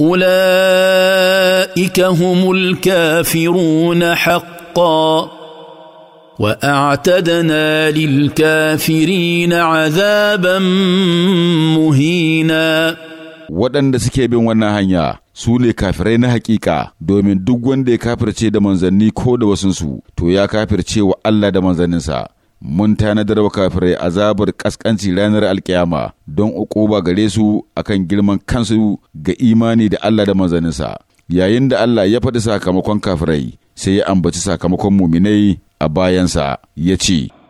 اولئك هم الكافرون حقا واعتدنا للكافرين عذابا مهينا waɗanda suke bin wannan hanya su ne kafirai na hakika domin duk wanda ya kafirce da manzanni ko da wasunsu to ya kafirce wa Allah da manzanninsa mun tanadar wa kafirai azabar ƙasƙanci ranar alkiyama don uquba gare su akan girman kansu ga imani da Allah da manzaninsa yayin da Allah ya faɗi sakamakon kafirai sai ya ambaci sakamakon muminai a bayansa ya ce